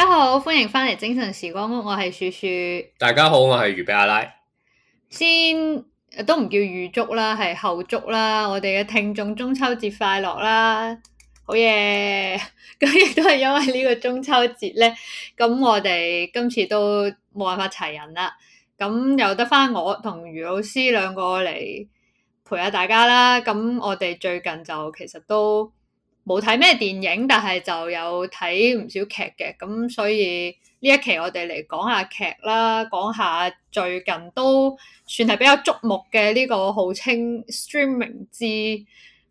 大家好，Hello, 歡迎翻嚟精神時光屋，我係雪雪。大家好，我係余比阿拉。先都唔叫預祝啦，係後祝啦。我哋嘅聽眾中秋節快樂啦，好嘢。咁 亦都係因為呢個中秋節咧，咁我哋今次都冇辦法齊人啦。咁又得翻我同余老師兩個嚟陪下大家啦。咁我哋最近就其實都。冇睇咩電影，但係就有睇唔少劇嘅，咁所以呢一期我哋嚟講下劇啦，講下最近都算係比較矚目嘅呢、這個號稱 streaming 之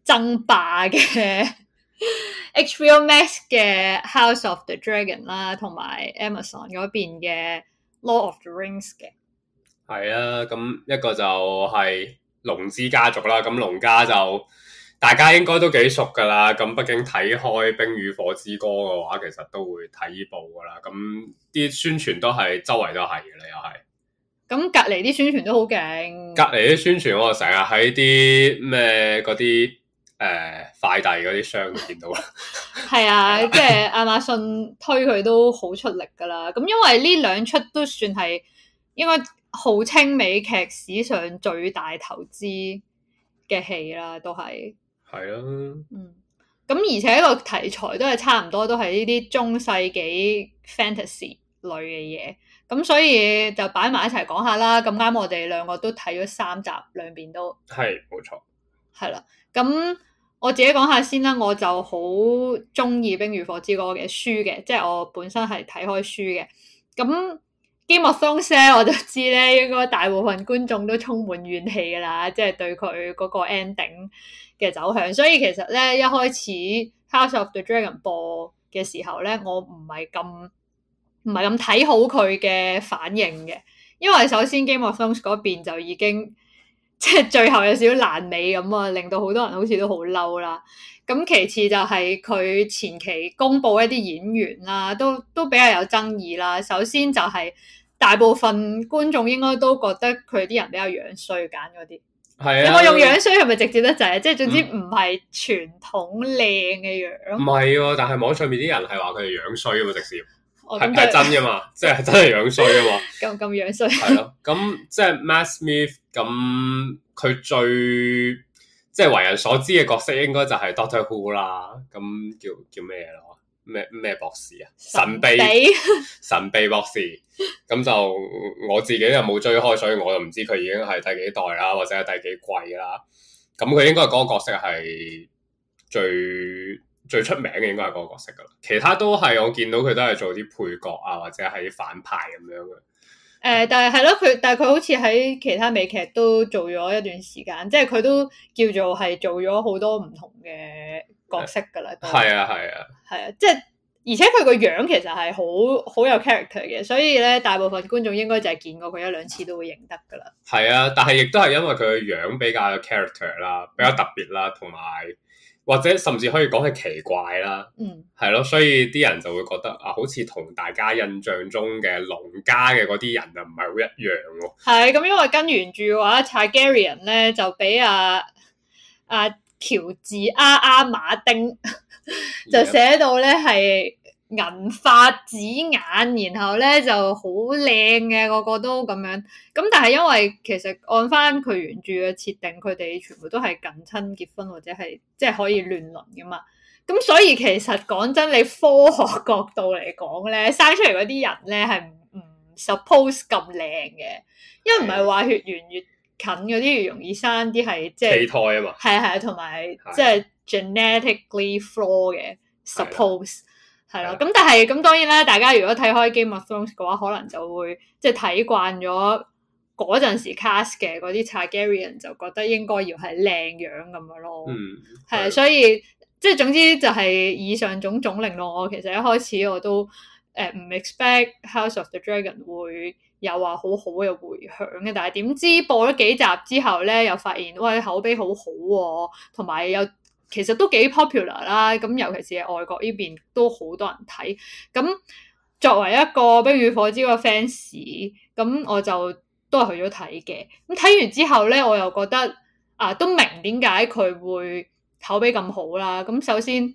爭霸嘅 HBO Max 嘅 House of the Dragon 啦，同埋 Amazon 嗰邊嘅 Lord of the Rings 嘅。係啊，咁一個就係龍之家族啦，咁龍家就大家應該都幾熟噶啦，咁畢竟睇開《冰與火之歌》嘅話，其實都會睇呢部噶啦。咁啲宣傳都係周圍都係嘅啦，又係。咁隔籬啲宣傳都好勁。隔籬啲宣傳，我成日喺啲咩嗰啲誒快遞嗰啲箱度見到。係 啊，即係亞馬遜推佢都好出力噶啦。咁因為呢兩出都算係應該號稱美劇史上最大投資嘅戲啦，都係。係咯，啊、嗯，咁而且個題材都係差唔多，都係呢啲中世紀 fantasy 類嘅嘢，咁所以就擺埋一齊講下啦。咁啱我哋兩個都睇咗三集，兩邊都係冇錯，係啦。咁我自己講下先啦，我就好中意《冰與火之歌》嘅、那個、書嘅，即、就、係、是、我本身係睇開書嘅，咁。《Game of Thrones》咧，我就知咧，應該大部分觀眾都充滿怨氣噶啦，即係對佢嗰個 ending 嘅走向。所以其實咧，一開始《House of the Dragon》播嘅時候咧，我唔係咁唔係咁睇好佢嘅反應嘅，因為首先《Game of Thrones》嗰邊就已經。即係最後有少少爛尾咁啊，令到好多人好似都好嬲啦。咁其次就係佢前期公布一啲演員啦，都都比較有爭議啦。首先就係大部分觀眾應該都覺得佢啲人比較樣衰，揀嗰啲係啊。咁樣衰係咪直接得滯啊？即係總之唔係傳統靚嘅樣。唔係，但係網上面啲人係話佢係樣衰啊嘛，直接係真噶嘛，即係真係樣衰啊嘛。咁咁樣衰係咯。咁即係 Matt Smith。咁佢最即係、就是、為人所知嘅角色，應該就係 Doctor Who 啦。咁叫叫咩嘢咯？咩咩博士啊？神秘 神秘博士。咁就我自己又冇追開，所以我就唔知佢已經係第幾代啦，或者係第幾季啦。咁佢應該嗰個角色係最最出名嘅，應該係嗰個角色噶啦。其他都係我見到佢都係做啲配角啊，或者係反派咁樣嘅。誒，但係係咯，佢但係佢好似喺其他美劇都做咗一段時間，即係佢都叫做係做咗好多唔同嘅角色㗎啦。都係啊，係啊，係啊，即係而且佢個樣其實係好好有 character 嘅，所以咧，大部分觀眾應該就係見過佢一兩次都會認得㗎啦。係啊，但係亦都係因為佢個樣比較有 character 啦，比較特別啦，同埋，或者甚至可以講係奇怪啦，嗯，係咯，所以啲人就會覺得啊，好似同大家印象中嘅龍家嘅嗰啲人啊，唔係好一樣咯。係咁，因為跟原著嘅話，呢《Targaryen》咧就俾阿阿喬治阿阿、啊啊、馬丁、嗯、 就寫到咧係。銀髮紫眼，然後咧就好靚嘅，個個都咁樣。咁但係因為其實按翻佢原著嘅設定，佢哋全部都係近親結婚或者係即係可以亂倫噶嘛。咁所以其實講真，你科學角度嚟講咧，生出嚟嗰啲人咧係唔唔 suppose 咁靚嘅。因為唔係話血緣越近嗰啲越容易生啲係即係畸胎啊嘛。係啊係啊，同埋即係 genetically flawed 嘅 suppose。的的係咯，咁但係咁當然啦。大家如果睇開 Game of Thrones 嘅話，可能就會即係睇慣咗嗰陣時 cast 嘅嗰啲 Targaryen，就覺得應該要係靚樣咁樣咯。嗯，係啊，所以即係總之就係以上種種令到我其實一開始我都誒唔、呃、expect House of the Dragon 會有話好好嘅回響嘅，但係點知播咗幾集之後咧，又發現喂、哎，口碑好好、啊、喎，同埋有，有。其實都幾 popular 啦，咁、嗯、尤其是喺外國呢邊都好多人睇。咁、嗯、作為一個《冰與火之歌》fans、嗯、咁我就都係去咗睇嘅。咁、嗯、睇完之後咧，我又覺得啊，都明點解佢會口碑咁好啦。咁、嗯、首先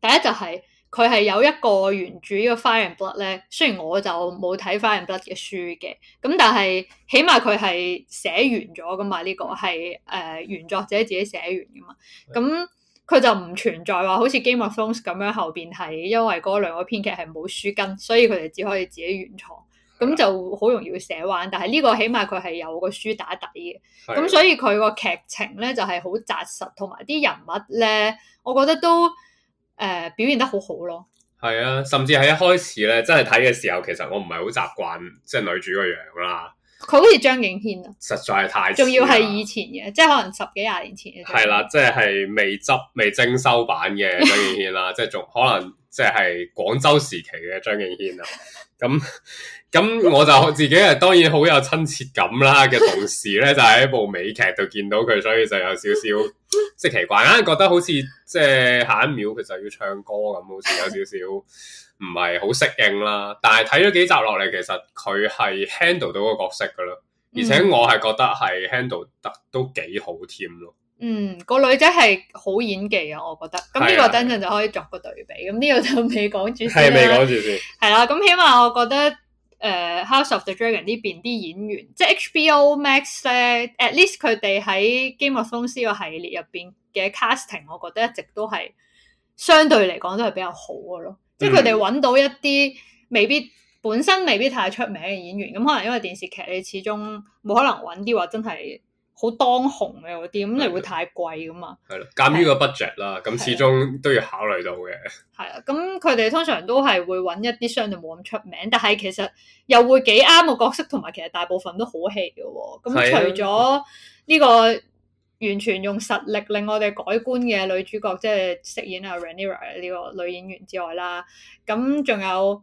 第一就係、係。佢係有一個原著、呢個《呢個 Fire and Blood》咧，雖然我就冇睇《Fire and Blood》嘅書嘅，咁但係起碼佢係寫完咗㗎嘛，呢個係誒、呃、原作者自己寫完噶嘛，咁佢的、嗯、就唔存在話好似《Game of Thrones》咁樣後邊係因為嗰兩個編劇係冇書跟，所以佢哋只可以自己原創，咁、嗯、就好容易會寫歪。但係呢個起碼佢係有個書打底嘅，咁的、嗯、所以佢個劇情咧就係、是、好紮實，同埋啲人物咧，我覺得都，誒，uh, 表現得好好咯。係啊，甚至喺一開始咧，真係睇嘅時候，其實我唔係好習慣，即係女主個樣啦。佢好似張敬軒啊，實在係太，仲要係以前嘅，即係可能十幾廿年前嘅。係啦了，即係未執未精修版嘅張敬軒啦， 即係仲可能即係廣州時期嘅張敬軒啊。咁咁我就自己係當然好有親切感啦。嘅同時咧，就喺一部美劇度見到佢，所以就有少少即係奇怪，硬係覺得好似即係下一秒佢就要唱歌咁，好似有少少。 唔係好適應啦，但係睇咗幾集落嚟，其實佢係 handle 到個角色噶咯，嗯、而且我係覺得係 handle 得都幾好添咯。嗯，個女仔係好演技啊，我覺得。咁呢個等陣的就可以作個對比。咁呢個就未講住先啦。係未講住先。係啦， 咁起碼我覺得，誒、呃、House of the Dragon 呢邊啲演員，即係 HBO Max 咧、uh，at least 佢哋喺 Game of Thrones 個系列入邊嘅 casting，我覺得一直都係相對嚟講都係比較好嘅咯。即係佢哋揾到一啲未必本身未必太出名嘅演員，咁、嗯、可能因為電視劇你始終冇可能揾啲話真係好當紅嘅嗰啲，咁嚟的會太貴噶嘛。係咯，鑑於個 budget 啦，咁始終的都要考慮到嘅。係啊，咁佢哋通常都係會揾一啲相對冇咁出名，但係其實又會幾啱個角色，同埋其實大部分都好戲嘅喎。咁、嗯、的除咗呢、這個。完全用實力令我哋改觀嘅女主角，即係飾演阿 Rhaenyra 呢個女演員之外啦，咁仲有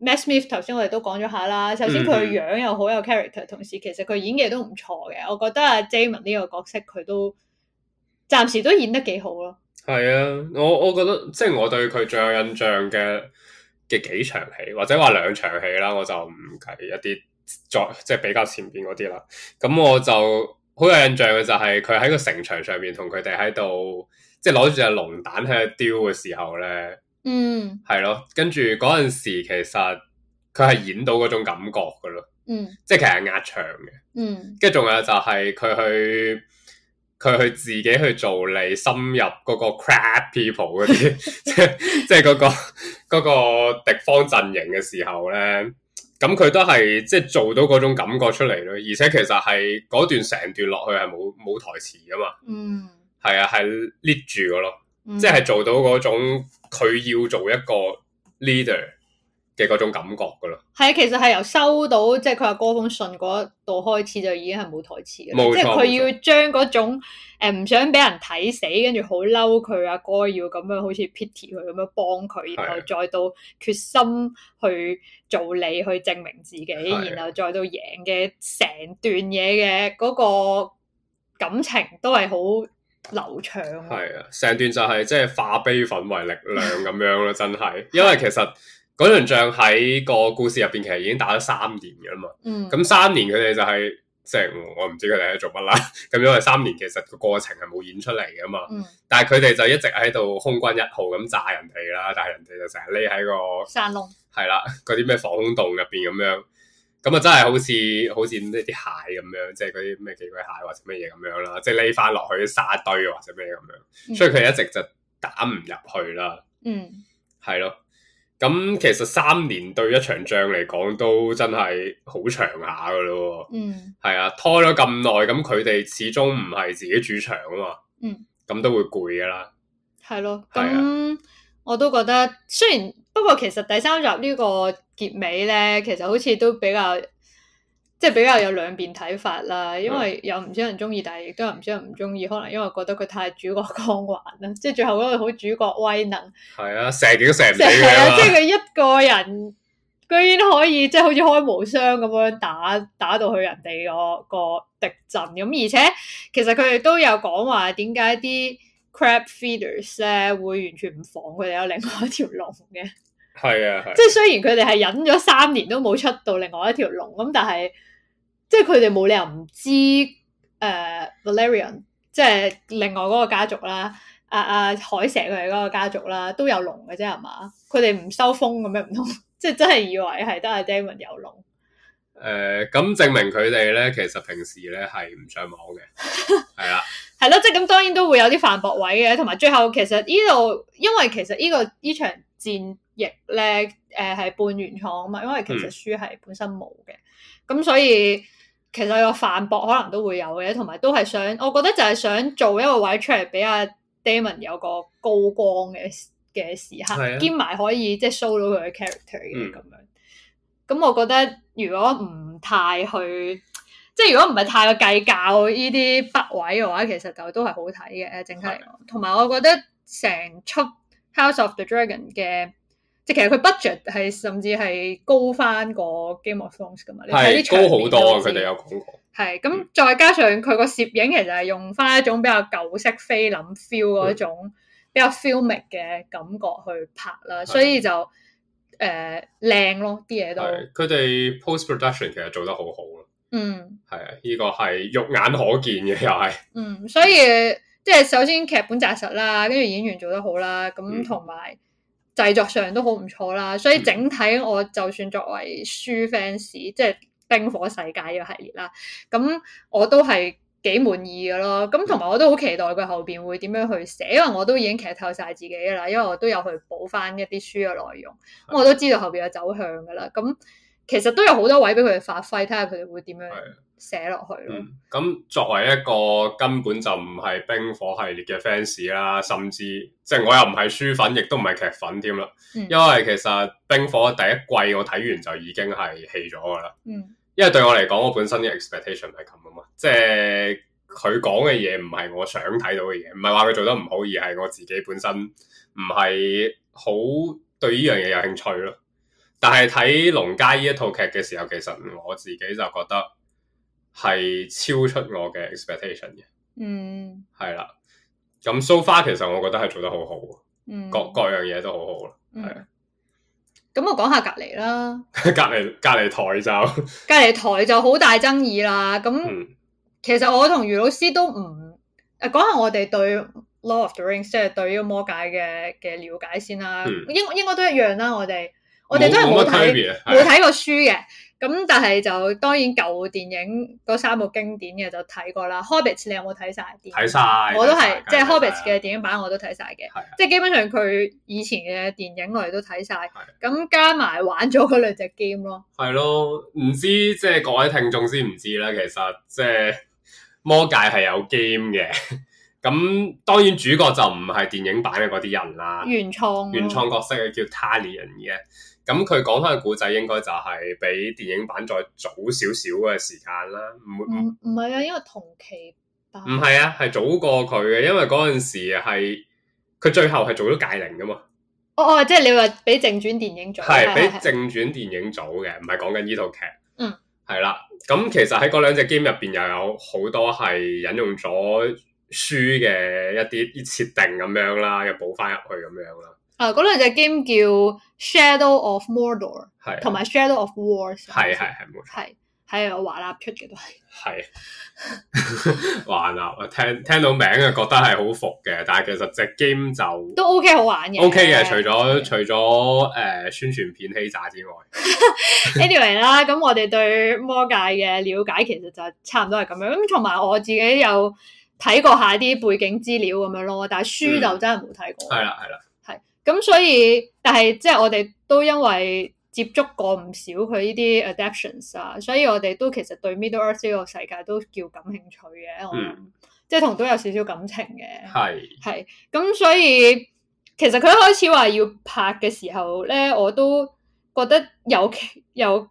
Matt Smith，頭先我哋都講咗下啦。首先佢樣又好有 character，、嗯、同時其實佢演技都唔錯嘅。我覺得阿 Daemon 呢個角色佢都暫時都演得幾好咯。係啊，我我覺得即係我對佢最有印象嘅嘅幾場戲，或者話兩場戲啦，我就唔計一啲再即係比較前邊嗰啲啦。咁我就。好有印象嘅就係佢喺個城牆上面同佢哋喺度，即係攞住隻龍蛋喺度雕嘅時候咧，嗯，係咯，跟住嗰陣時其實佢係演到嗰種感覺噶咯，嗯，即係其實壓場嘅，嗯，跟住仲有就係佢去佢去自己去做你深入嗰個 crap people 嗰啲，即係即係嗰個嗰、嗰個敵方陣營嘅時候咧。咁佢都係即係做到嗰種感覺出嚟咯，而且其實係嗰段成段落去係冇冇台詞噶嘛，嗯，係啊，係 lead 住噶咯，嗯、即係做到嗰種佢要做一個 leader。嘅嗰種感覺噶咯，係啊，其實係由收到即係佢阿哥封信嗰度開始，就已經係冇台詞嘅，錯即係佢要將嗰種誒唔想俾人睇死，跟住好嬲佢阿哥要咁樣好似 pity 佢咁樣幫佢，然後再到決心去做你的去證明自己，的然後再到贏嘅成段嘢嘅嗰個感情都係好流暢。係啊，成段就係即係化悲憤為力量咁樣咯， 真係，因為其實。嗰場仗喺個故事入邊其實已經打咗三年㗎啦嘛，咁、嗯、三年佢哋就係即係我唔知佢哋喺度做乜啦，咁因為三年其實個過程係冇演出嚟㗎嘛，嗯、但係佢哋就一直喺度空軍一號咁炸人哋啦，但係人哋就成日匿喺個山窿，係啦漣，嗰啲咩防空洞入邊咁樣，咁啊真係好似好似呢啲蟹咁樣，即係嗰啲咩寄居蟹或者乜嘢咁樣啦，即係匿翻落去啲沙堆或者咩咁樣，所以佢一直就打唔入去啦，嗯，係咯。咁其實三年對一場仗嚟講，都真係好長下噶咯。嗯，係啊，拖咗咁耐，咁佢哋始終唔係自己主場啊嘛。嗯，咁都會攰噶啦。係咯，咁、啊、我都覺得，雖然不過其實第三集呢個結尾咧，其實好似都比較。即係比較有兩邊睇法啦，因為有唔少人中意，但係亦都有唔少人唔中意。可能因為覺得佢太主角光環啦，即係最後嗰個好主角威能。係啊，射幾都成唔到啊，即係佢一個人居然可以即係好似開無雙咁樣打打，打到去人哋個、嗰個敵陣。咁而且其實佢哋都有講話點解啲 crab feeders 咧會完全唔防佢哋有另外一條龍嘅。係啊，係。即係雖然佢哋係忍咗三年都冇出到另外一條龍咁，但係。即係佢哋冇理由唔知誒、呃、Velaryon 即係另外嗰個家族啦，阿阿海蛇佢哋嗰個家族啦，都有龍嘅啫，係嘛？佢哋唔收風咁樣唔通？即係真係以為係得阿 Daemon 有龍？誒、呃，咁證明佢哋咧，其實平時咧係唔上網嘅，係啦，係咯 了， 即係咁，當然都會有啲反駁位嘅，同埋最後其實呢度，因為其實呢、這個呢場戰役咧、誒、呃、係半原創啊嘛，因為其實書係本身冇嘅。嗯咁所以其實個范博可能都會有嘅，同埋都係想，我覺得就係想做一個位出嚟俾阿 Damon 有個高光嘅嘅時刻，啊、兼埋可以即係、就是、show 到佢嘅 character 嘅咁、嗯、樣。咁我覺得如果唔太去，即、就、係、是、如果唔係太去計較呢啲筆位嘅話，其實就都係好睇嘅。誒，整體、啊，同埋我覺得成出《House of the Dragon》嘅。即係其實佢 budget 係甚至係高翻個 Game of Thrones 噶嘛，你睇啲場面高好多，佢哋有講過。係咁，再加上佢個攝影其實係用翻一種比較舊式菲林 feel 嗰、嗯、種比較 filmic 嘅感覺去拍啦，是所以就誒靚、呃、咯啲嘢都。佢哋 post production 其實做得好好咯。嗯，係啊，依、這個係肉眼可見嘅又係。嗯，是嗯，所以即係首先劇本紮實啦，跟住演員做得好啦，咁同埋。製作上都好唔錯啦，所以整體我就算作為書 fans，即係《冰火世界》嘅系列啦，咁我都係幾滿意嘅咯。咁同埋我都好期待佢後邊會點樣去寫，因為我都已經劇透晒自己噶啦，因為我都有去補翻一啲書嘅內容，我都知道後邊嘅走向噶啦。咁其實都有好多位俾佢發揮，睇下佢哋會點樣。寫落去咯。咁、嗯、作為一個根本就唔係冰火系列嘅 fans 啦，甚至即係我又唔係書粉，亦都唔係劇粉添啦。嗯、因為其實冰火第一季我睇完就已經係棄咗噶啦。嗯、因為對我嚟講，我本身啲 expectation 係咁啊嘛。即係佢講嘅嘢唔係我想睇到嘅嘢，唔係話佢做得唔好，而係我自己本身唔係好對呢樣嘢有興趣咯。但係睇《龍家》呢一套劇嘅時候，其實我自己就覺得，係超出我嘅 expectation 嘅，嗯、mm.，係啦。咁 so far 其實我覺得係做得好、mm. 好，嗯、mm. 的，各各樣嘢都好好啦，係。咁我講下隔籬啦，隔籬隔籬台就隔籬台就好大爭議啦。咁、mm. 其實我同余老師都唔誒講下我哋對 Lord of the Rings 即係對呢魔戒嘅嘅了解先啦、mm.。應應該都一樣啦。我哋我哋都係冇睇冇睇過書嘅。 咁但係就當然舊電影嗰三部經典嘅就睇過啦。Hobbit 你有冇睇晒？睇晒完，我都係即係 Hobbit 嘅電影版我都睇晒嘅，即係的基本上佢以前嘅電影我哋都睇晒。咁的加埋玩咗嗰兩隻 game 咯。係咯，唔知即係各位聽眾先唔知啦。其實即係魔界係有 game 嘅，咁 當然主角就唔係電影版嘅嗰啲人啦。原創，原創角色嘅叫 Talion 嘅。咁佢講開嘅古仔應該就係比電影版再早少少嘅時間啦，唔唔唔係啊，因為同期唔係啊，係早過佢嘅，因為嗰陣時係佢最後係做咗戒靈噶嘛。哦哦，即係你話比正傳電影早，係比正傳電影早嘅，唔係講緊呢套劇。劇，嗯，係啦。咁其實喺嗰兩隻 game 入邊又有好多係引用咗書嘅一啲啲設定咁樣啦，又補翻入去咁樣啦。啊！嗰兩隻 game 叫《Shadow of Mordor》係，同埋《Shadow of Wars》係係係，係係華納出嘅都係。係華納，聽聽到名啊，覺得係好服嘅。但係其實隻 game 就都 OK，好玩嘅 OK 嘅。除咗除咗誒宣傳片欺詐之外，anyway 啦，咁我哋對魔界嘅了解其實就差唔多係咁樣。咁同埋我自己有睇過下啲背景資料咁樣咯，但係書就真係冇睇過。係啦，係啦。咁所以，但係即係我哋都因為接觸過唔少佢呢啲 adaptions 啊，所以我哋都其實對 Middle Earth 呢個世界都叫感興趣嘅，嗯、我諗即係同都有少少感情嘅。係係咁，所以其實佢一開始話要拍嘅時候咧，我都覺得有有。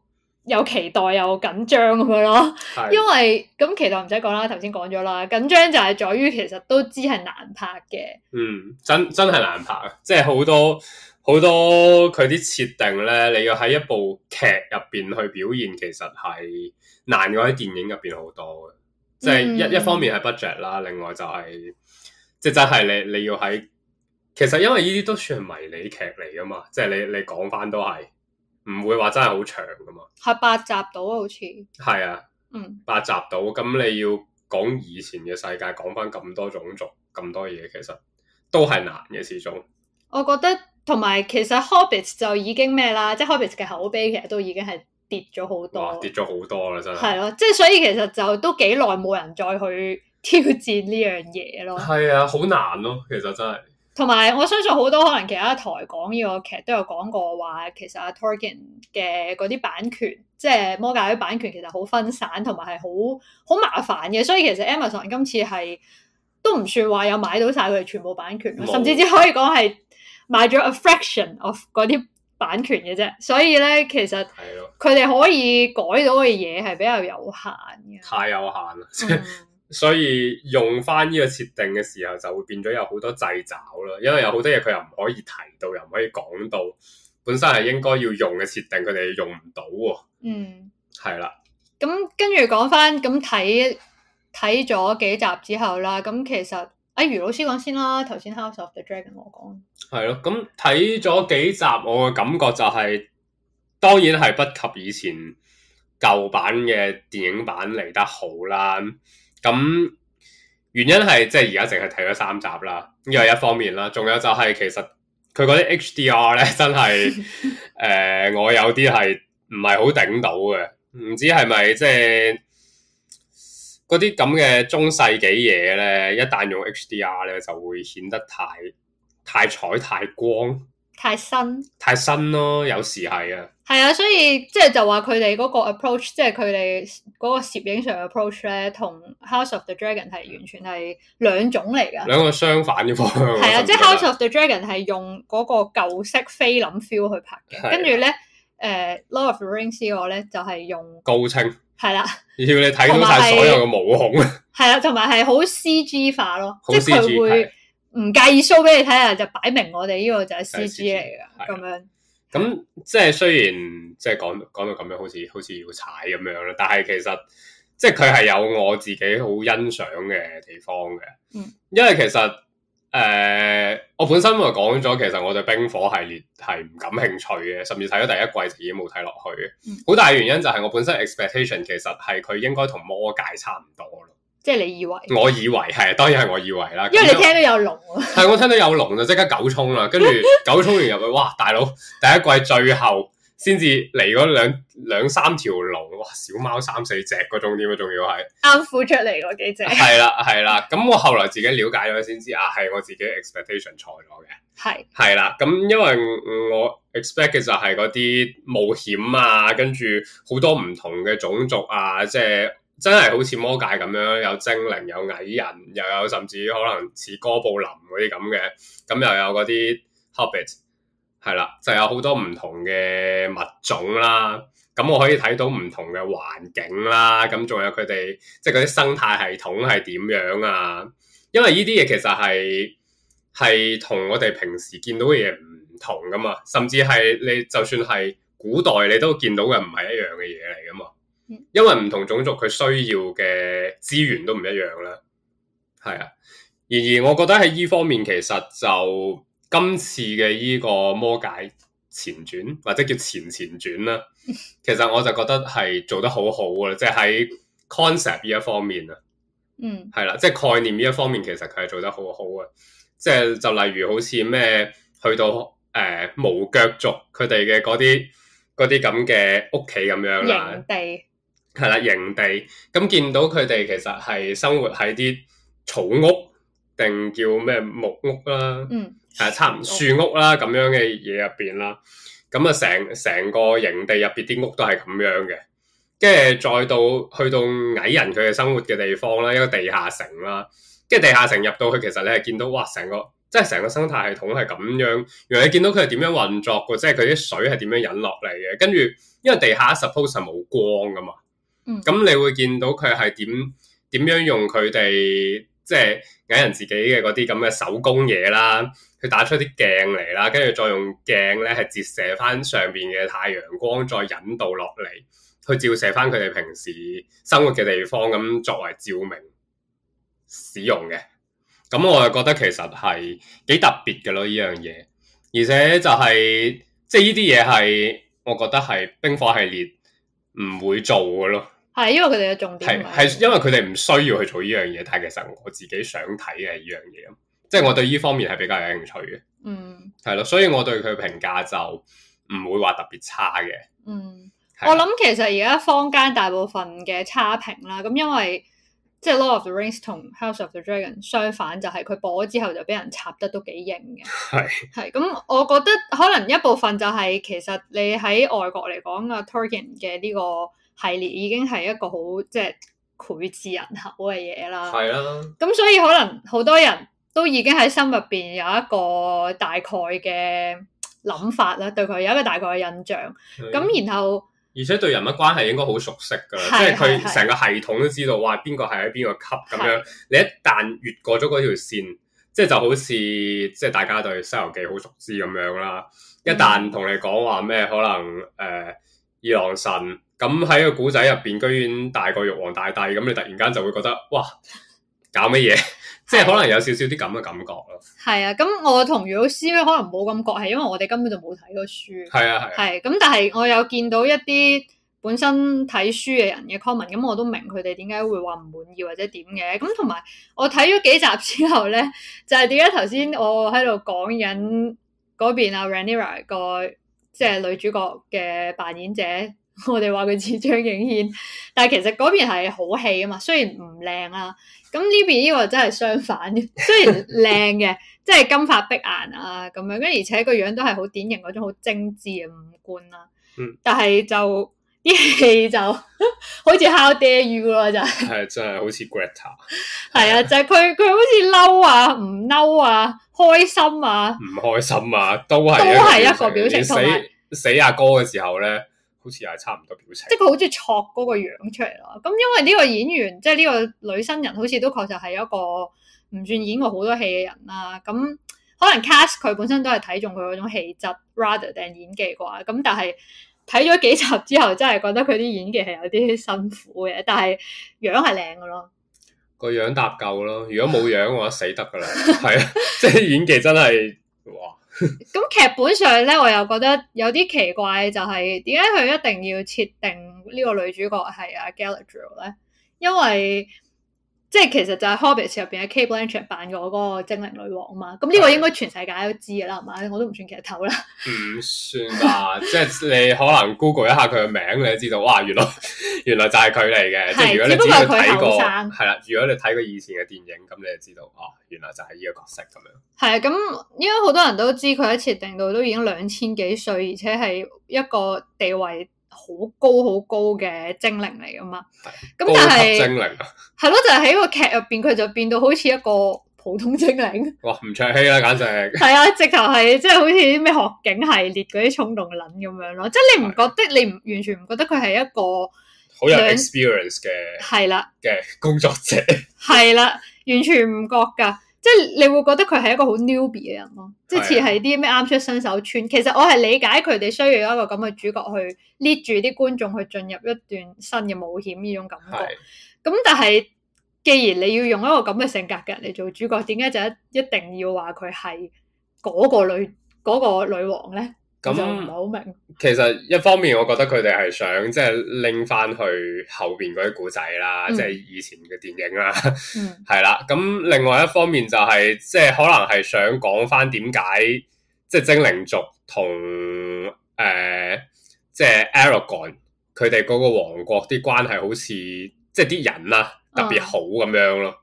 有期待又緊張咁樣咯，的因為咁期待唔使講啦，頭先講咗啦。緊張就係在於其實都知係難拍嘅。嗯，真真係難拍啊！即係好多好多佢啲設定咧，你要喺一部劇入邊去表現，其實係難過喺電影入邊好多嘅。即係、嗯、一一方面係 budget 啦，另外就係、是、即係真係你你要喺其實因為呢啲都算係迷你劇嚟噶嘛，即係你你講返都係。唔會話真係好長噶嘛？係八集到好似。係啊，嗯，八集到，咁你要講以前嘅世界，講翻咁多種族、咁多嘢，其實都係難嘅始終。我覺得同埋，其實 Hobbit 就已經咩啦，即係 Hobbit 嘅口碑其實都已經係跌咗好多，跌咗好多啦，真係。係咯，啊，即係所以其實就都幾耐冇人再去挑戰呢樣嘢咯。係啊，好難咯，其實真係。同埋，我相信好多可能其他台講呢個劇都有講過，話其實阿 Tolkien 嘅嗰啲版權，即係魔戒啲版權，其實好分散，同埋係好好麻煩嘅。所以其實 Amazon 今次係都唔算話有買到晒佢哋全部版權，有甚至只可以講係買咗 a fraction of 嗰啲版權嘅啫。所以咧，其實佢哋可以改到嘅嘢係比較有限嘅，太有限啦！ 所以用翻呢個設定嘅時候，就會變咗有好多掣找啦。因為有好多嘢佢又唔可以提到，又唔可以講到，本身係應該要用嘅設定，佢哋用唔到喎。嗯，係啦的。咁跟住講翻咁睇睇咗幾集之後啦，咁其實阿、哎、余老師講先啦。頭先《House of the Dragon 我》我講係咯，咁睇咗幾集，我嘅感覺就係、是、當然係不及以前舊版嘅電影版嚟得好啦。咁原因係即係而家淨係睇咗三集啦，呢個一方面啦，仲有就係其實佢嗰啲 HDR 咧，真係誒、呃，我有啲係唔係好頂到嘅，唔知係咪即係嗰啲咁嘅中世紀嘢咧，一旦用 HDR 咧，就會顯得太太彩太光。太新，太新咯，有時係啊，係啊，所以即係就話佢哋嗰個 approach，即係佢哋嗰個攝影上 approach 咧，同 House of the Dragon 係完全係兩種嚟嘅，兩個相反嘅方向。係啊， 即係 House of the Dragon 係用嗰個舊式菲林 feel 去拍嘅，跟住咧，誒、呃、，Lord of the Rings 嗰個咧就係、是、用高清，係啦的，要你睇到晒所有嘅毛孔，係啊，同埋係好 CG 化咯， G, 即係佢會。唔介意 show 俾你睇啊，就擺明我哋呢個就係 CG 嚟㗎，咁樣咁、嗯、即係雖然即係講講到咁樣，好似好似要踩咁樣啦，但係其實即係佢係有我自己好欣賞嘅地方嘅。嗯、因為其實誒、呃，我本身咪講咗，其實我對冰火系列係唔感興趣嘅，甚至睇咗第一季就已經冇睇落去嘅。好、嗯、大原因就係我本身 expectation 其實係佢應該同魔戒差唔多咯。即係你以為，我以為係當然係我以為啦。因為你聽到有龍喎，係 我聽到有龍就即刻狗衝啦，跟住狗衝完入去，哇！大佬第一季最後先至嚟嗰兩兩三條龍，哇！小貓三四隻嗰種點啊，仲要係啱孵出嚟嗰幾隻。係啦係啦，咁我後來自己了解咗先知啊，係我自己 expectation 錯咗嘅。係係啦，咁因為我 expect 嘅就係嗰啲冒險啊，跟住好多唔同嘅種族啊，即係。真係好似魔界咁樣，有精靈、有矮人，又有甚至可能似哥布林嗰啲咁嘅，咁又有嗰啲 hobbit，係啦，就有好多唔同嘅物種啦。咁我可以睇到唔同嘅環境啦。咁仲有佢哋，即係嗰啲生態系統係點樣啊？因為呢啲嘢其實係係同我哋平時見到嘅嘢唔同㗎嘛。甚至係你就算係古代，你都見到嘅唔係一樣嘅嘢嚟㗎嘛。因為唔同種族佢需要嘅資源都唔一樣啦，係啊。然而，而我覺得喺呢方面其實就今次嘅呢個魔戒前傳或者叫前前傳啦，其實我就覺得係做得好好噶。 即係喺 concept 呢一方面啊，嗯，係啦，即係概念呢一方面其實佢係做得好好噶，即係就例如好似咩去到誒、呃、無腳族佢哋嘅嗰啲嗰啲咁嘅屋企咁樣啦。係啦，營地咁見到佢哋其實係生活喺啲草屋定叫咩木屋啦、嗯、屋啦，係差唔多樹屋啦咁樣嘅嘢入邊啦。咁啊，成成個營地入邊啲屋都係咁樣嘅。跟住再到去到矮人佢嘅生活嘅地方啦，一個地下城啦。跟住地下城入到去，其實你係見到哇，成個即係成個生態系統係咁樣，原來你見到佢係點樣運作嘅，即係佢啲水係點樣引落嚟嘅。跟住因為地下 suppose 係冇光噶嘛。咁、嗯、你會見到佢係點點樣用佢哋即係矮人自己嘅嗰啲咁嘅手工嘢啦，去打出啲鏡嚟啦，跟住再用鏡咧係折射翻上邊嘅太陽光，再引導落嚟去照射翻佢哋平時生活嘅地方，咁作為照明使用嘅。咁我就覺得其實係幾特別嘅咯，呢樣嘢，而且就係、是、即係呢啲嘢係，我覺得係冰火系列唔會做嘅咯。係，因為佢哋嘅重點係因為佢哋唔需要去做呢樣嘢，但係其實我自己想睇嘅呢樣嘢，即係我對呢方面係比較有興趣嘅。嗯，係咯，所以我對佢評價就唔會話特別差嘅。嗯，我諗其實而家坊間大部分嘅差評啦，咁因為即係《Lord of the Rings》同《House of the Dragon》相反，就係佢播咗之後就俾人插得都幾硬嘅。係係咁，我覺得可能一部分就係其實你喺外國嚟講啊 Tolkien 嘅呢個系列已經係一個好即係膾炙人口嘅嘢啦，係啦、啊。咁所以可能好多人都已經喺心入邊有一個大概嘅諗法啦，對佢有一個大概嘅印象。咁、啊、然後而且對人物關係應該好熟悉嘅，啊、即係佢成個系統都知道，哇！邊個係喺邊個級咁、啊、樣？你一旦越過咗嗰條線，即係就好似即係大家對《西遊記》好熟知咁樣啦。一旦同你講話咩？可能誒、呃、二郎神。咁喺個古仔入邊，居然大個玉皇大帝，咁你突然間就會覺得，哇，搞乜嘢？ 即係可能有少少啲咁嘅感覺咯。係啊，咁我同余老師咧，可能冇咁覺，係因為我哋根本就冇睇嗰個書。係啊，係、啊。係咁，但係我有見到一啲本身睇書嘅人嘅 c o m m e n，咁我都明佢哋點解會話唔滿意或者點嘅。咁同埋我睇咗幾集之後咧，就係點解頭先我喺度講緊嗰邊啊，Ranira 個即係、就是、女主角嘅扮演者。我哋話佢似張敬軒，但係其實嗰邊係好戲啊嘛，雖然唔靚啦。咁呢邊呢個真係相反嘅，雖然靚嘅，即係 金髮碧眼啊咁樣，跟而且個樣都係好典型嗰種好精緻嘅五官啦。但係就啲、嗯、 戲就好似 How dare you 咯，就係、是、真係好似 Greta，係啊，就係佢佢好似嬲啊，唔嬲啊，開心啊，唔開心啊，都係都係一個表情。表情死死阿哥嘅時候咧。 好似係差唔多表情，即係佢好似作嗰個樣出嚟咯。咁因為呢個演員，即係呢個女新人，好似都確實係一個唔算演過好多戲嘅人啦。咁可能 cast 佢本身都係睇中佢嗰種氣質，rather than 演技啩。咁但係睇咗幾集之後，真係覺得佢啲演技係有啲辛苦嘅。但係樣係靚嘅咯，個樣搭夠咯。如果冇樣嘅話，死得噶啦。係啊，即係演技真係哇。咁 劇本上咧，我又覺得有啲奇怪，就係點解佢一定要設定呢個女主角係阿 Galadriel 咧？因為即係其實就係《霍比特》入邊喺 Cate Blanchett 扮過嗰個精靈女王嘛，咁呢個應該全世界都知啦，係嘛的？我都唔算劇透啦。唔算啊， 即係你可能 Google 一下佢嘅名，你就知道哇！原來原來就係佢嚟嘅。的即係。都係佢後生。係啦，如果你睇過以前嘅電影，咁你就知道哦，原來就係呢個角色咁樣。係啊，咁應該好多人都知佢一設定到都已經兩千幾歲，而且係一個地位。好高好高嘅精靈嚟噶嘛？咁、嗯、高都 是級精靈啊！係咯，就係、是、喺個劇入邊，佢就變到好似一個普通精靈。哇！吳卓熙啦，簡直係 啊！直頭係即係好似啲咩學警系列嗰啲衝動撚咁樣咯。即、就、係、是、你唔覺得你唔的完全唔覺得佢係一個好有 experience 嘅係啦嘅工作者。係 啦，完全唔覺噶。即係你會覺得佢係一個好 newbie 嘅人咯，的即係似係啲咩啱出新手村。其實我係理解佢哋需要一個咁嘅主角去 lead 住啲觀眾去進入一段新嘅冒險呢種感覺。咁的但係既然你要用一個咁嘅性格嘅人嚟做主角，點解就一一定要話佢係嗰個女、嗰個女王咧？咁我唔係好明。其實一方面，我覺得佢哋係想即係拎翻去後邊嗰啲故仔啦，嗯、即係以前嘅電影啦、啊，係啦、嗯。咁另外一方面就係即係可能係想講翻點解即係精靈族同誒即係 Aragorn 佢哋嗰個王國啲關係好似即係啲人啦、啊、特別好咁樣咯。哦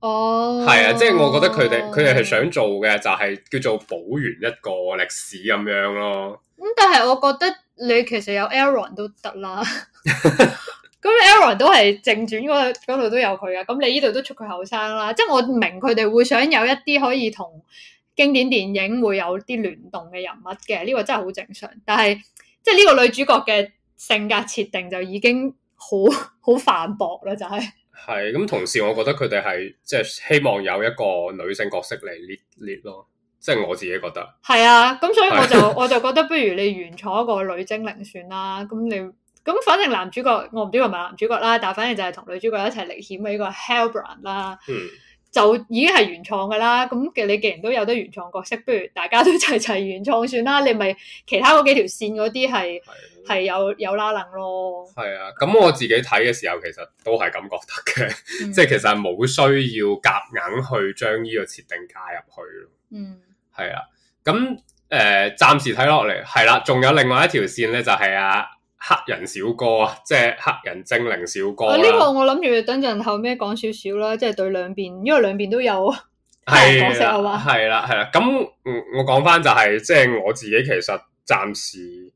哦，係啊、oh.，即係我覺得佢哋佢哋係想做嘅就係、是、叫做補完一個歷史咁樣咯。咁但係我覺得你其實有 Aaron 都得啦。咁 Aaron 都係正傳嗰度都有佢啊。咁你呢度都出佢後生啦。即、就、係、是、我明佢哋會想有一啲可以同經典電影會有啲聯動嘅人物嘅，呢、這個真係好正常。但係即係呢個女主角嘅性格設定就已經好好反駁啦，就係、是。係咁，嗯，同時我覺得佢哋係即係希望有一個女性角色嚟，列列 a 咯，即係我自己覺得。係啊，咁、嗯、所以我就 我就覺得不如你原一個女精靈算啦，咁你咁反正男主角我唔知係咪男主角啦，但係反正就係同女主角一齊歷險嘅呢個 Hellbrand 啦。嗯就已經係原創㗎啦，咁嘅你既然都有得原創角色，不如大家都齊齊原創算啦。你咪其他嗰幾條線嗰啲係係有有拉冷咯。係啊，咁我自己睇嘅時候其實都係咁覺得嘅，即 係其實係冇需要夾硬，硬去將呢個設定加入去咯。嗯，係啊，咁誒、呃，暫時睇落嚟係啦，仲有另外一條線咧，就係、係、啊。黑人小哥啊，即係黑人精靈小哥呢，啊這個我諗住等陣後尾講少少啦，即係對兩邊，因為兩邊都有，係啦，係啦，係啦。咁，嗯，我講翻就係，是，即係我自己其實暫時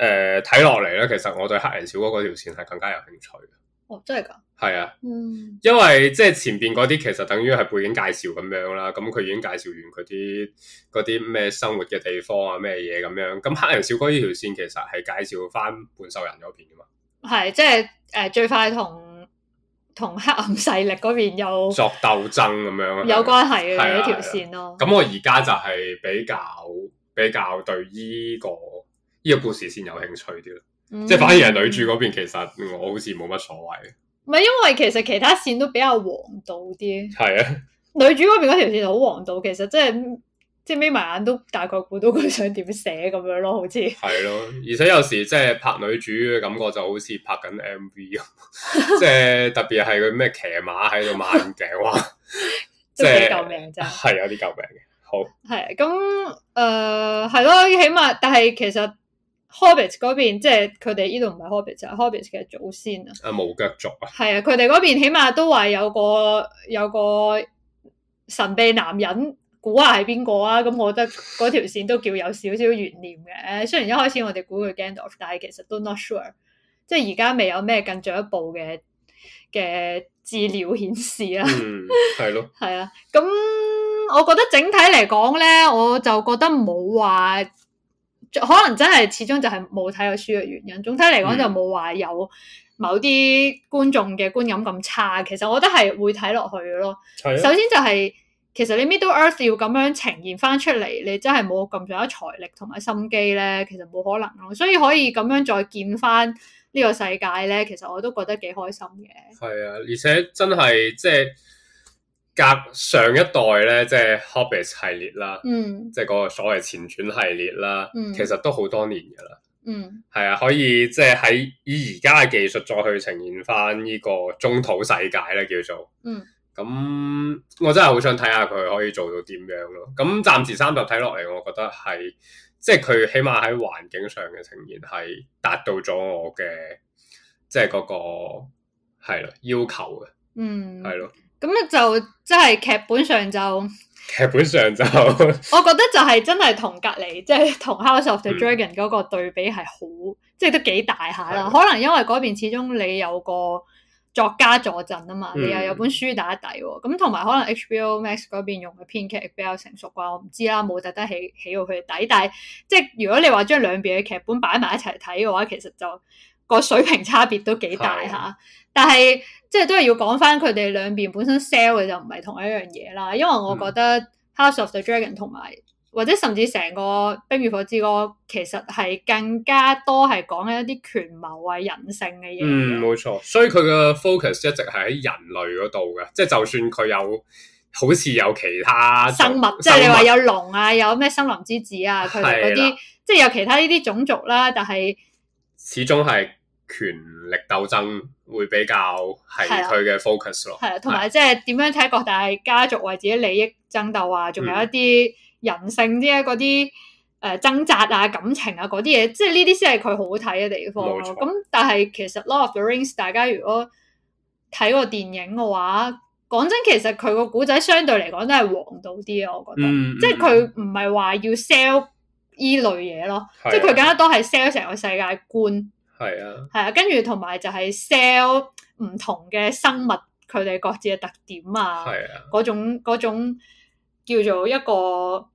誒睇落嚟咧，其實我對黑人小哥嗰條線係更加有興趣嘅。哦，真係噶，係啊嗯，嗯，因為即係前邊嗰啲其實等於係背景介紹咁樣啦，咁佢已經介紹完佢啲嗰啲咩生活嘅地方啊，咩嘢咁樣，咁、嗯、黑人小哥呢條線其實係介紹翻半獸人嗰邊噶嘛，係，即係誒、呃、最快同同黑暗勢力嗰邊有作鬥爭咁樣，啊、有關係嘅一條線咯。咁我而家就係比較比較對依、這個依、這個故事線有興趣啲啦。嗯、即係反而係女主嗰邊，其實我好似冇乜所謂。唔係因為其實其他線都比較黃道啲。係啊，女主嗰邊嗰條線好黃道，其實，就是，即係即係眯埋眼都大概估到佢想點寫咁樣咯，好似。係咯，而且有時即係拍女主嘅感覺就好似拍緊 MV 咁， 別 即係特別係佢咩騎馬喺度慢鏡，哇！即係救命咋，係有啲救命嘅。好係咁誒，係咯，啊，嗯嗯嗯，起碼但係其實。Hobbits 嗰邊即係佢哋呢度唔係 Hobbits，Hobbits 嘅祖先啊，啊無腳族啊，係啊，佢哋嗰邊起碼都話有個有個神秘男人，估下係邊個啊？咁、嗯、我覺得嗰條線都叫有少少懸念嘅。雖然一開始我哋估佢 Gandalf，但係其實都 not sure，即係而家未有咩更進一步嘅嘅資料顯示啊。嗯，係咯，係 啊，咁我覺得整體嚟講咧，我就覺得冇話。可能真係始終就係冇睇過書嘅原因。總體嚟講就冇話有某啲觀眾嘅觀感咁差。其實我覺得係會睇落去咯。的首先就係、是、其實你 Middle Earth 要咁樣呈現翻出嚟，你真係冇咁上下財力同埋心機咧，其實冇可能咯。所以可以咁樣再見翻呢個世界咧，其實我都覺得幾開心嘅。係啊，而且真係即係。就是隔上一代咧，即係 Hobbit 系列啦，嗯、即係嗰個所謂前傳系列啦，嗯、其實都好多年噶啦，係、嗯、啊，可以即係喺以而家嘅技術再去呈現翻呢個中土世界咧，叫做，咁、嗯嗯、我真係好想睇下佢可以做到點樣咯。咁、嗯、暫時三集睇落嚟，我覺得係即係佢起碼喺環境上嘅呈現係達到咗我嘅即係嗰、嗰個係咯要求嘅，嗯，係咯。咁啊，就即係劇本上就，劇本上就， 我覺得就係真係同隔籬，即、就、係、是、同 House of the Dragon 嗰個對比係好，嗯、即係都幾大下啦。的可能因為嗰邊始終你有個作家助陣啊嘛，嗯、你又有本書打底、啊，咁同埋可能 HBO Max 嗰邊用嘅編劇比較成熟啩，我唔知啦，冇特登起起到佢底。但係即係如果你話將兩邊嘅劇本擺埋一齊睇嘅話，其實就個水平差別都幾大下。的但係。即係都係要講翻佢哋兩邊本身 sale 嘅就唔係同一樣嘢啦，因為我覺得《House of the Dragon》同埋或者甚至成個《冰與火之歌》，其實係更加多係講緊一啲權謀啊、人性嘅嘢。嗯，冇錯，所以佢嘅 focus 一直係喺人類嗰度嘅，即係就算佢有好似有其他生物，即係你話有龍啊，有咩森林之子啊，佢嗰啲，的即係有其他呢啲種族啦，但係始終係權力鬥爭。會比較係佢嘅 focus 咯，係啊，同埋即係點樣睇各大家族為自己利益爭鬥啊，仲有一啲人性啲嘅嗰啲誒掙扎啊、感情啊嗰啲嘢，即係呢啲先係佢好睇嘅地方咯。咁錯但係其實《Lord of the Rings》大家如果睇個電影嘅話，講真，其實佢個古仔相對嚟講都係王道啲啊，我覺得。嗯嗯、即係佢唔係話要 sell 呢類嘢咯，的即係佢更加多係 sell 成個世界觀。係啊，係啊，跟住同埋就係 sell 唔同嘅生物，佢哋各自嘅特點啊，嗰、啊、種種叫做一個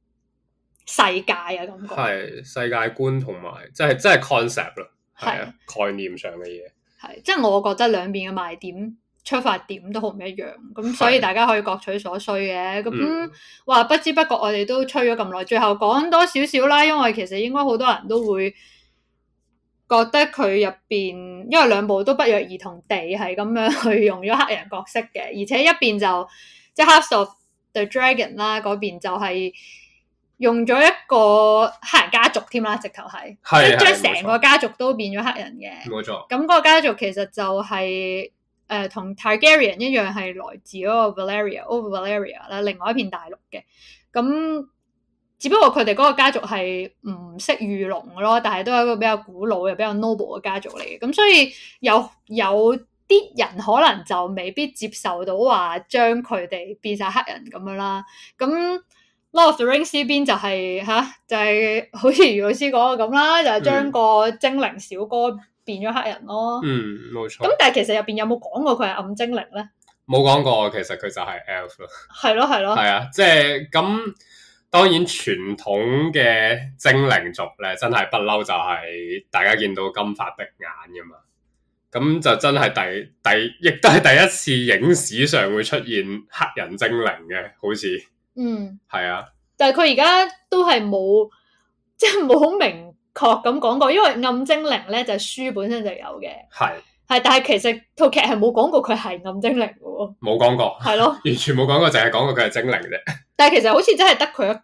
世界啊。感覺，係世界觀同埋即係真係 concept 咯，係啊，啊概念上嘅嘢，係即係我覺得兩邊嘅賣點出發點都好唔一樣，咁所以大家可以各取所需嘅，咁話不知不覺我哋都吹咗咁耐，最後講多少少啦，因為其實應該好多人都會。覺得佢入邊，因為兩部都不約而同地係咁樣去用咗黑人角色嘅，而且一邊就即係《House of the Dragon》啦，嗰邊就係用咗一個黑人家族添啦，直頭係即係將成個家族都變咗黑人嘅。冇錯。咁個家族其實就係誒同 Targaryen 一樣係來自嗰個 Valyria Old Valyria 啦，另外一片大陸嘅咁。只不過佢哋嗰個家族係唔識御龍咯，但係都係一個比較古老又比較 noble 嘅家族嚟嘅，咁、嗯、所以有有啲人可能就未必接受到話將佢哋變晒黑人咁樣啦。咁《Lord of the Rings》邊就係吓就係好似余老師講咁啦，就係將個精靈小哥變咗黑人咯。嗯，冇錯。咁但係其實入邊有冇講過佢係暗精靈咧？冇講過，其實佢就係 Elf 咯。係咯， 係咯。係啊，即係咁。當然，傳統嘅精靈族咧，真係不嬲就係大家見到金髮碧眼噶嘛。咁就真係第第，亦都係第一次影史上會出現黑人精靈嘅，好似。嗯。係啊。但係佢而家都係冇，即係冇好明確咁講過，因為暗精靈咧就係、是、書本身就有嘅。係是。係，但係其實套劇係冇講過佢係暗精靈喎。冇講過。係咯的。 完全冇講過，淨係講過佢係精靈啫。但係其實好似真係得佢一，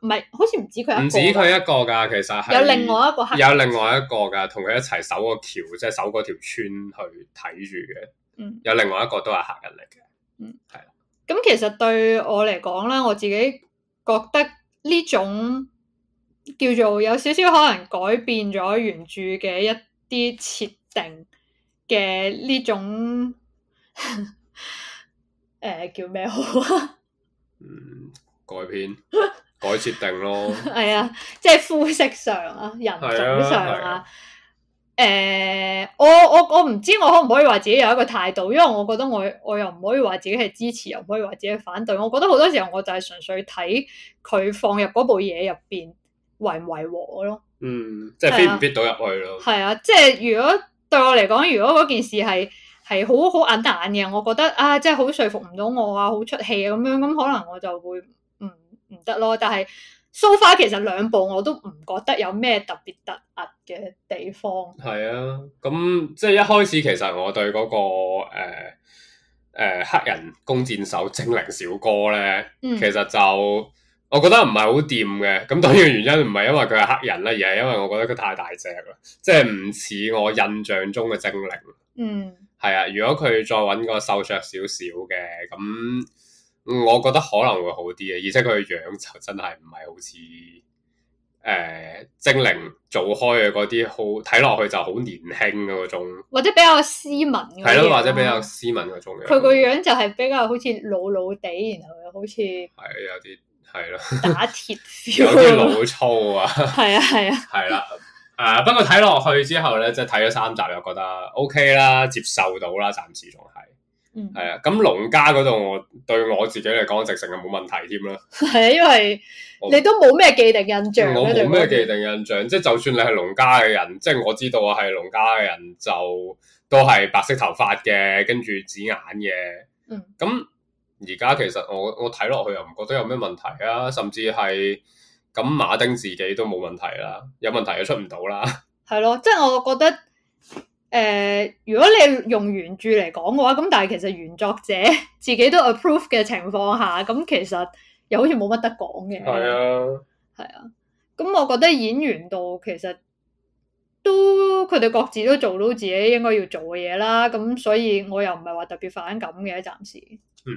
唔係，好似唔止佢一唔止佢一個噶，其實有另外一個客，有另外一個噶，同佢一齊守個橋，即係守個條村去睇住嘅。嗯，有另外一個都係客人嚟嘅。嗯，係咁其實對我嚟講咧，我自己覺得呢種叫做有少少可能改變咗原著嘅一啲設定嘅呢種誒、 呃、叫咩好啊？嗯，改編改設定咯，係 啊，即係膚色上啊，人種上啊，誒、啊啊欸，我我我唔知我可唔可以話自己有一個態度，因為我覺得我我又唔可以話自己係支持，又唔可以話自己反對，我覺得好多時候我就係純粹睇佢放入嗰部嘢入邊違唔違和咯，嗯，即係 fit 唔 fit 到入去咯，係啊，啊，即係如果對我嚟講，如果嗰件事係。係好好眼淡嘅，我覺得啊，即係好説服唔到我啊，好出戲啊咁樣，咁、嗯、可能我就會唔唔得咯。但係 so far 其實兩部我都唔覺得有咩特別突兀嘅地方。係啊，咁即係一開始其實我對嗰、那個誒、呃呃、黑人弓箭手精靈小哥咧，嗯、其實就我覺得唔係好掂嘅。咁當然原因唔係因為佢係黑人啦，而係因為我覺得佢太大隻啦，即係唔似我印象中嘅精靈。嗯。係啊，如果佢再搵個瘦削少少嘅，咁我覺得可能會好啲嘅。而且佢樣就真係唔係好似誒、呃、精靈做開嘅嗰啲，好睇落去就好年輕嘅嗰種或，或者比較斯文嘅。係咯，或者比較斯文嗰種嘅。佢個樣就係比較好似老老地，然後又好似係有啲係咯，打鐵 f 有啲老粗啊。係啊， 係啊。係啦。誒，不過睇落去之後咧，即係睇咗三集又覺得 OK 啦，接受到啦，暫時仲係，嗯，係啊。咁龍家嗰度，我，對我自己嚟講，直情係冇問題添啦。係啊，因為你都冇咩既定印象，我冇咩既定印象。即係就算你係龍家嘅人，即係我知道我係龍家嘅人，就都係白色頭髮嘅，跟住紫眼嘅。嗯。咁而家其實我我睇落去又唔覺得有咩問題啊，甚至係。咁馬丁自己都冇問題啦，有問題就出唔到啦。係咯，即係我覺得，誒、呃，如果你用原著嚟講嘅話，咁但係其實原作者自己都 approve 嘅情況下，咁其實又好似冇乜得講嘅。係啊，係啊。咁我覺得演員度其實都，佢哋各自都做到自己應該要做嘅嘢啦。咁所以我又唔係話特別反感嘅，暫時。嗯。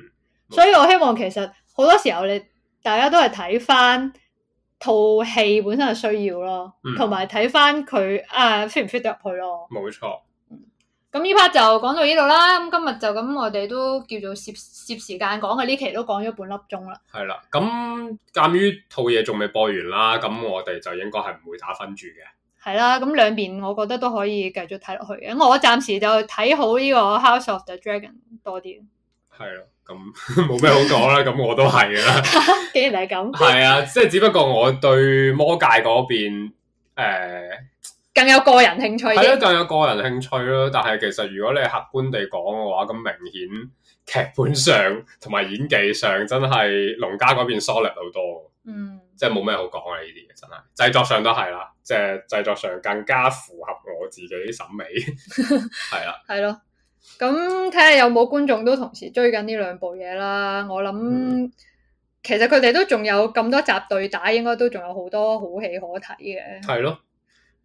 所以我希望其實好多時候你大家都係睇返，套戲本身係需要咯，同埋睇翻佢啊 fit 唔 fit 入去咯。冇錯。咁呢 part 就講到呢度啦。咁今日就咁，我哋都叫做攝攝時間講嘅呢期都講咗半粒鐘啦。係啦，咁鑒於套嘢仲未播完啦，咁我哋就應該係唔會打分住嘅。係啦，咁兩邊我覺得都可以繼續睇落去嘅。我暫時就睇好呢個 House of the Dragon 多啲。係咯，咁冇咩好講啦，咁我都係啦。 既然係咁，係啊，即係只不過我對魔界嗰邊誒更有個人興趣。係咯，更有個人興趣咯。但係其實如果你係客觀地講嘅話，咁明顯劇本上同埋演技上真係龍家嗰邊 solid 好多。嗯，即係冇咩好講啊！呢啲嘢真係製作上都係啦，即係製作上更加符合我自己審美。係 啦的，係咯。 咁睇下有冇觀眾都同時追緊呢兩部嘢啦，我諗、嗯、其實佢哋都仲有咁多集對打，應該都仲有好多好戲可睇嘅。係咯，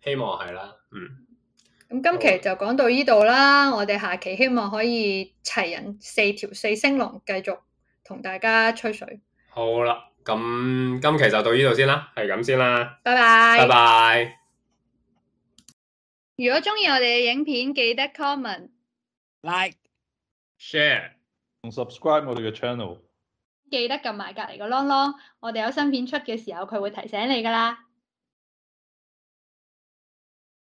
希望係啦。嗯，咁今期就講到呢度啦，的我哋下期希望可以齊人四條四星龍繼續同大家吹水。好啦，咁今期就到呢度先啦，係咁先啦，拜拜 bye，拜拜 bye。如果中意我哋嘅影片，記得 comment。Like、share、同 subscribe 我哋嘅 channel，記得撳埋隔籬個啷啷，我哋有新片出嘅時候，佢會提醒你㗎喇。